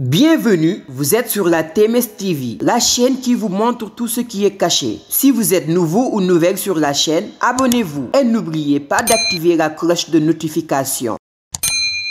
Bienvenue, vous êtes sur la TMS TV, la chaîne qui vous montre tout ce qui est caché. Si vous êtes nouveau ou nouvelle sur la chaîne, abonnez-vous et n'oubliez pas d'activer la cloche de notification.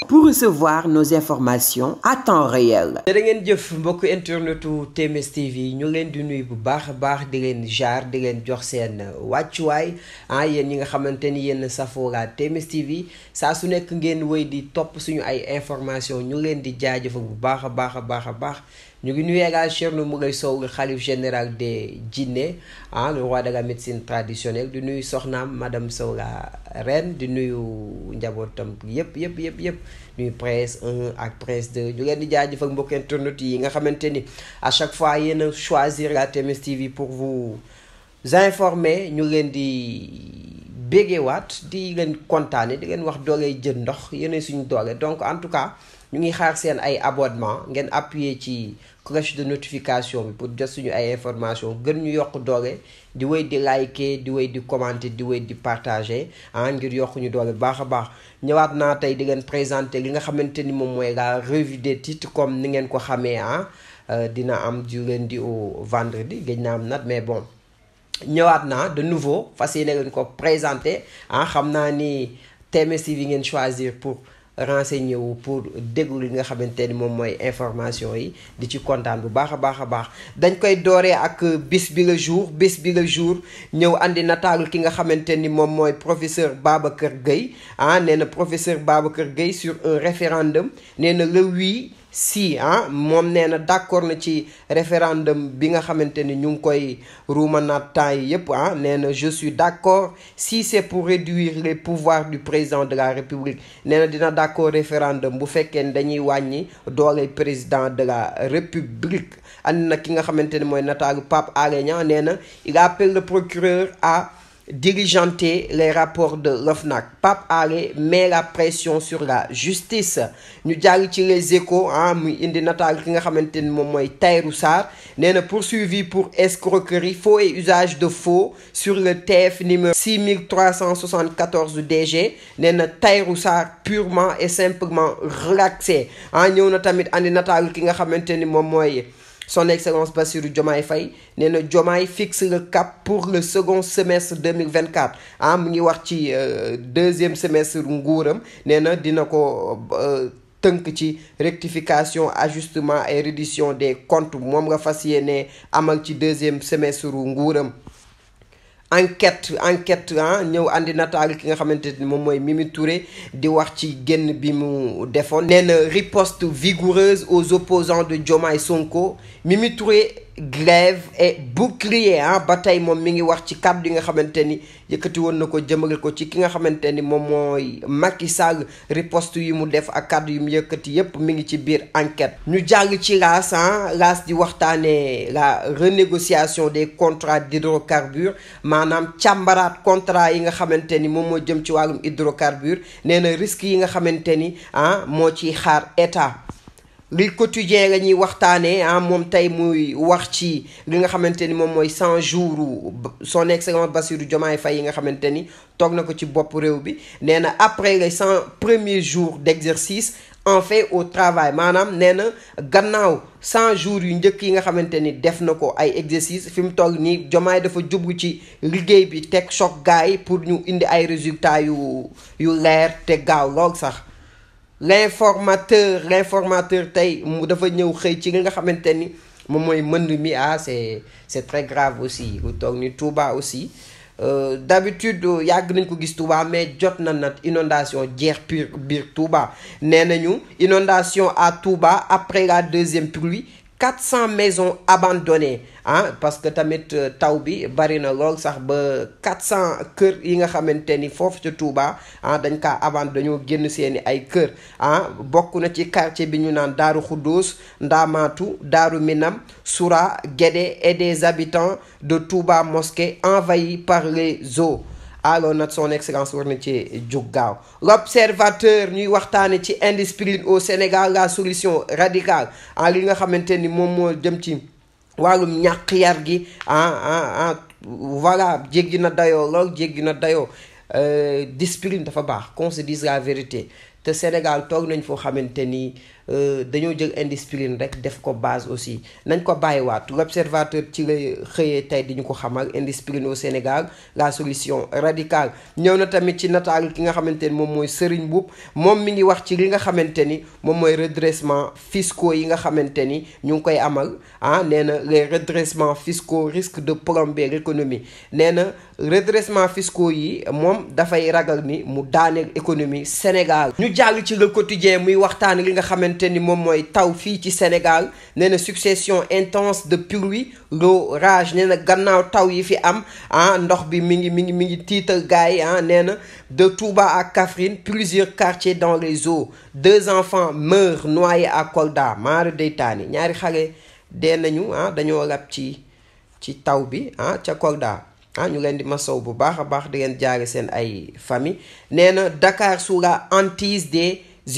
pour recevoir nos informations à temps réel. jërë ngeen jëf mbokku internetu TMS TV ñu leen di nuyu bu baax a baax di leen jaar di leen jox seen wàccuwaay ah yéen ñi nga xamante ni yéen safoo la TMS TV saa su nekk ngeen wéy di topp suñu ay information ñu leen di jaajëfal bu baax a baax a baax a baax. ñu ngi nuyu également mu Moulé Sow le xalif général de jinne ah le roi de la médecine traditionnelle di nuyu soxnaam madame Sow la reine di nuyu njabootam yëpp yëpp yëpp yëpp nuyu presse 1 ak presse 2 ñu leen di jaajëfal mbokk internet yi nga xamante ni à chaque fois yéen a choisir la TMS TV pour vous informer ñu leen di. béggewaat di leen kontaane di leen wax doole jël ndox yeneen suñu doole donc en tout cas ñu ngi xaar seen ay abonnement ngeen appuyer ci cloche de notification bi pour jot suñu ay information gën ñu yokk doole di wéy di liker di wéy di commenter di wéy di partager ah ngir yokk ñu doole baax a baax ñëwaat naa tey di leen présenter li nga xamante ni moom mooy la revue des titres comme ni ngeen ko xamee ah euh, dina am du lundi au vendredi gëj naa am nat mais bon ñëwaat naa de nouveau fas yéene leen ko présenter ah xam naa ni thème yi ngeen choisir pour renseigné wu pour déglu li nga xamante ni moom mooy information yi di ci kontaan bu baax a baax a baax dañ koy dooree ak bis bi le jour bis bi la jour ñëw andi nataalu ki nga xamante ni moom mooy professeur Babacar Gueye ah nee na professeur Babacar Gueye sur un référendum nee na le oui si ah moom nee na d'accord na ci référendum bi nga xamante ni ñu ngi koy ruumanaat temps yi yépp ah nee na je suis d'accord si c'est pour réduire les pouvoirs du président de la république nee na dina d'accord référendum bu fekkee ni dañuy wàññi doole président de la république ànd na ki nga xamante ni mooy nataalu Pape Alé Niang nee na il appelle le procureur à diligenté les rapports de l'OFNAC Pape Alé mais la pression sur la justice ñu jàll ci les échos ah indi nataal ki nga xamante ni moom mooy Tahirou Sarr nee na poursuivi pour escroquerie faux et usage de faux sur le TF numéro 6374 du DG nee na Tahirou Sarr purement et simplement relaxé ah ñëw na tamit indi nataal ki nga xamante ni moom mooy son excellence Bassirou Diomaye fay nee na Diomaye fixe le cap pour le second semestre 2024 ah mu ngi wax ci euh, deuxième semestre nguuram nee na dina ko euh, tënk ci rectification ajustement et reddition des comptes moom nga fas ne amal ci deuxième semestre nguuram enquête enquête ah ñëw andi nataal ki nga xamante ni moom mooy Mimi Touré di wax ci génn bi mu defoon nee na riposte vigoureuse aux opposants de jomaay Sonko mi Touré grève et bouclier ah ba tey moom mi ngi wax ci kàddu yi nga xamante ni yëkkati woon na ko jëmale ko ci ki nga xamante ni moom mooy Macky Sall riposte yi mu def ak kàddu yi mu yëkkati yépp mi ngi ci biir enquête ñu jàll ci laas ah laas di waxtaanee la renégociation des contrats d'hydrocarbures maanaam càmbaraat contrat yi nga xamante ni moom moo jëm ci wàllum hydrocarbures nee na risques yi nga xamante ni ah moo ciy xaar état li quotidien la ñuy waxtaanee ah moom tey muy wax ci li nga xamante ni moom mooy 100 jours son excellence basiru Diomaye fay yi nga xamante ni toog na ko ci bopp réew bi nee na après les 100 premiers jours d'exercice en fait au travail maanaam nee na gannaaw 100 jours yu njëkk yi nga xamante ni def na ko ay exercice fi mu toog nii Diomaye dafa jublu ci liggéey bi teg choc gars yi pour ñu indi ay résultat yu yu leer te gaaw lool sax. l'informateur l'informateur tey mu dafa ñëw xëy ci li nga xamante ni moom mooy mënd mi ah c'est c'est très grave aussi lu toog ni Touba aussi euh, d'habitude euh, yàgg nañ ko gis Touba mais jot na nag inondation jeex pur biir Touba nee nañu inondation à Touba après la deuxième pluie 400 maisons abandonnées ah parce que tamit euh, taw bi bari na lool sax ba 400 kër yi nga xamante ni foofu ca Touba ah dañ kaa avant dañoo génn seeni ay kër ah bokk na ci quartier bi ñu naan Daaru Xuddoos Ndaamaatu Daaru Minam Soura Guédé et des habitants de Touba mosque envahis par les eaux alors nag son excellence war na ci jóg gaaw l'observateur ñuy waxtaane ci indiscipline au Sénégal la solution radicale ah li nga xamante ni moom moo jëm ci wàllum ñàkk yar gi ah ah ah voilà jéggi na dayoo lool jéggi na dayoo euh, discipline dafa baax qu'on se dise la vérité te Sénégal toog nañ foo xamante ni euh, dañoo jël indiscipline rek def ko base aussi nañ ko bàyyiwaat l'observateur ci la xëyee tey di ñu ko xamal indiscipline au Sénégal la solution radicale ñëw na tamit ci nataal ki nga xamante ni moom mooy Serigne Mboup moom mi ngi wax ci li nga xamante ni moom mooy redressement fiscaux yi nga xamante ni ñu ngi koy amal ah nee na les redressements fiscaux risquent de plomber économie nee na redressement fiscaux yi moom dafay ragal ni mu daaneel économie Sénégal jàll ci le quotidien muy waxtaan li nga xamante ni moom mooy taw fii ci Sénégal nee na succession intense de pluie l'orage nee na gannaaw taw yi fi am ah ndox bi mi ngi mi ngi mi ngi tiital gars yi ah, nee na de Touba ak Kaffrine plusieurs quartiers dans les eaux deux enfants meurent noyés ak Kolda maara deytaani ñaari xale dee nañu ah dañoo rab ci ci taw bi ah ca Kolda ah ñu leen di ma masaw bu baax a baax di leen jaare seen ay famille nee na Dakar sous la hantise des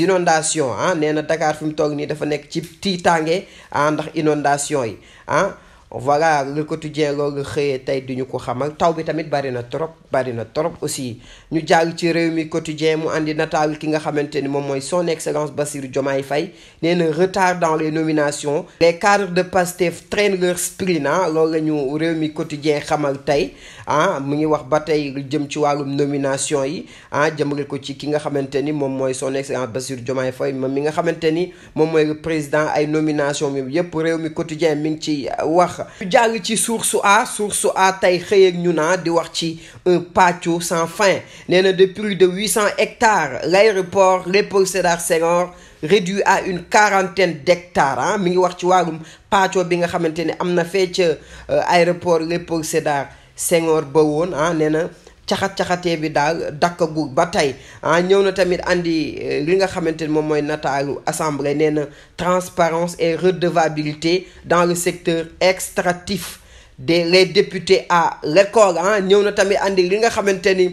inondations ah nee na Dakar fi mu toog nii dafa nekk ci tiitaange ah ndax inondation yi ah, voilà le quotidien loolu xëyee tey duñu ko xamal taw bi tamit bari na trop bari na trop aussi ñu jàll ci réew mi quotidien mu indi nataal ki nga xamante ni moom mooy son excellence Bassirou Diomaye Faye nee na retard dans les nominations les cadres de Pastef traînent leur spleen ah, loolu la ñu réew mi quotidien xamal tey ah mu ngi wax ba tey lu jëm ci wàllum nomination yi ah jëmale ko ci ki nga xamante ni moom mooy son excellence Bassirou Diomaye Faye moom mi nga xamante ni moom mooy président ay nomination yëpp réew mi quotidien mi ngi ci wax wax ñu jàll ci source a source a tey xëy ñu naa ah di wax ci un patio sans fin nee na de plus de huit cent hectares l'aéroport Léopold Sédar Senghor réduit à une quarantaine d'hectares ah. mi ngi wax ci wàllum patio bi nga xamante ni am na fee ca euh, aéroport Léopold Sédar Senghor ba woon ah nee na caxat-caxatee bi daal dakkagul ba tey ah ñëw na tamit andi euh, li nga xamante ni moom mooy nataalu assemblée nee na transparence et redevabilité dans le secteur extractif des les députés à l'école ah ñëw na tamit andi li nga xamante ni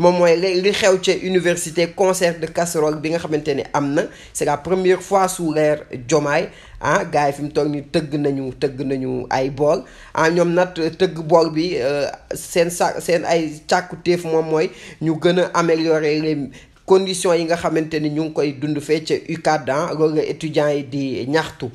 moom mooy li xew ca université concert de casserole bi nga xamante ni am na c'est la première fois su l'ère Diomaye ah gars yi fi mu toog ni tëgg nañu tëgg nañu ay bool ah ñoom nag tëgg bool bi euh, seen sa seen ay càkkutéef moom mooy ñu gën a améliorer les conditions yi nga xamante ni ñu ngi koy dund fee ca UCAD ah, loolu la étudiants yi di ñaxtu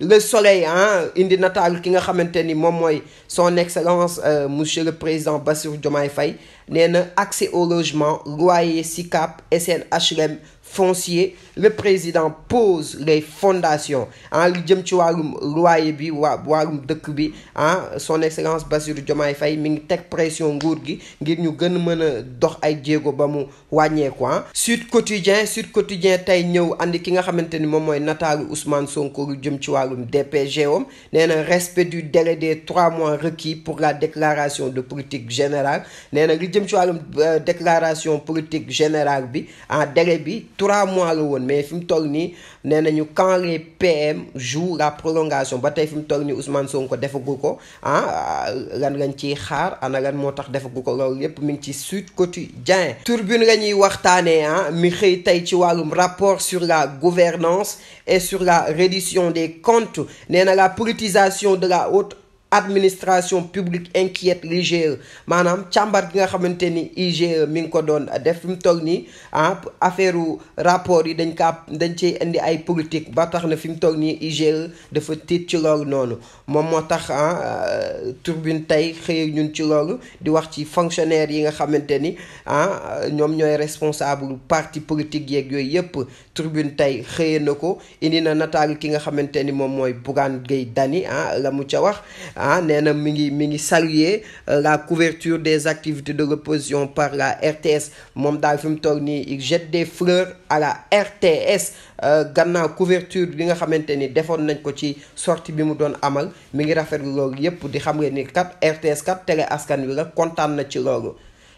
le soleil ah indi nataal ki nga xamante ni moom mooy son excellence euh, monsieur le président Bassirou Diomaye fay nee na accès au logement loyer SICAP SN HLM foncier le président pose les fondation ah li jëm ci wàllum loyer bi waa wàllum dëkk bi ah son excellence Bassirou Diomaye fay mi ngi teg pression nguur gi ngir ñu gën mën a dox ay jéego ba mu wàññeeku ah. Sud Quotidien Sud Quotidien tey ñëw andi ki nga xamante ni moom mooy nataalu Ousmane Sonko lu jëm ci wàllum DPG om nee na respect du délai des trois mois requis pour la déclaration de politique générale nee na li jëm ci wàllum euh, déclaration politique générale bi en ah, délai bi. trois mois la woon mais fi mu toll nii nee nañu quand PM jouent la prolongation ba tey fi mu toll nii Ousmane ko defagu ko ah, ah lan lañ ci xaar ana lan moo tax defagu ko loolu yépp mu ngi ci Sud Quotidien turbine la ñuy waxtaanee ah mi xëy tey ci wàllum rapport sur la gouvernance et sur la reddition des comptes nee na la politisation de la haute administration publique inquiète l'IGE maanaam càmbar gi nga xamante ni IGE mi ngi ko doon def fi mu toll nii ah affaire rapport yi dañ kaa dañ cee indi ay politique ba tax na fi mu toll nii IGE dafa tiit ci loolu noonu moom moo tax ah euh, turbine tey xëy ñun ci loolu di wax ci fonctionnaire yi nga xamante ni ah ñoom ñooy responsable parti politique yeeg yooyu yëpp turbine tey xëy na ko indi na nataalu ki nga xamante ni moom mooy Bougane Gueye dani ah la mu ca wax. ah nee na mi ngi mi ngi saluer euh, la couverture des activités de l'opposition par la RTS moom daal fi mu toog nii il jette des fleurs à la RTS euh, gannaaw couverture bi nga xamante ni defoon nañ ko ci sortie bi mu doon amal mi ngi rafet lu loolu yépp di xam ne ni kat RTS kat télé askan wi la kontaan na ci loolu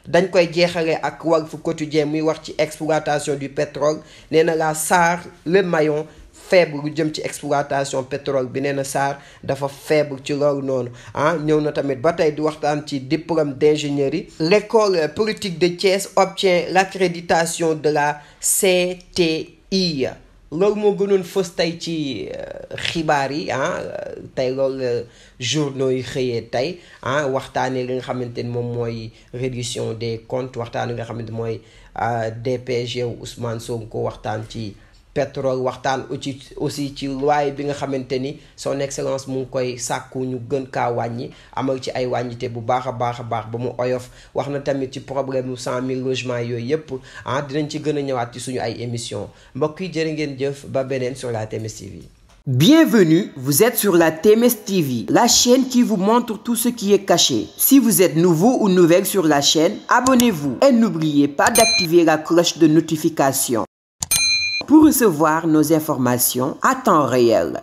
dañ koy jeexalee ak Walf Quotidien muy wax ci exploitation du pétrole nee na la SAR le maillon faible lu jëm ci exploitation pétrole bi nee na Sarr dafa faible ci loolu noonu ah ñëw na tamit ba tey di waxtaan ci diplôme yi l'école politique de Thiès obtient l'accréditation de la CTI loolu moo gënoon fës tey ci euh, xibaar yi ah euh, tey loolu journaux yi xëyee tey ah waxtaanee li nga xamante ni moom mooy réduction des comptes waxtaan li nga xamante mooy euh, DPG Ousmane ko waxtaan ci pétrole waxtaan aussi aussi ci waaye bi nga xamante ni son excellence mu ngi koy sàkku ñu gën kaa wàññi amal ci ay wàññite bu baax a baax a baax ba mu oyof wax na tamit ci problème mu cent mille logements yooyu yépp ah dinañ ci gën a ñëwaat ci suñu ay émission mbokk yi jërë ngeen jëf ba beneen sur la TMS TV. Bienvenue, vous êtes sur la TMS TV, la chaîne qui vous montre tout ce qui est caché. Si vous êtes nouveau ou nouvelle sur la chaîne, abonnez-vous et n'oubliez pas d'activer de notification. pour recevoir nos informations à temps réel.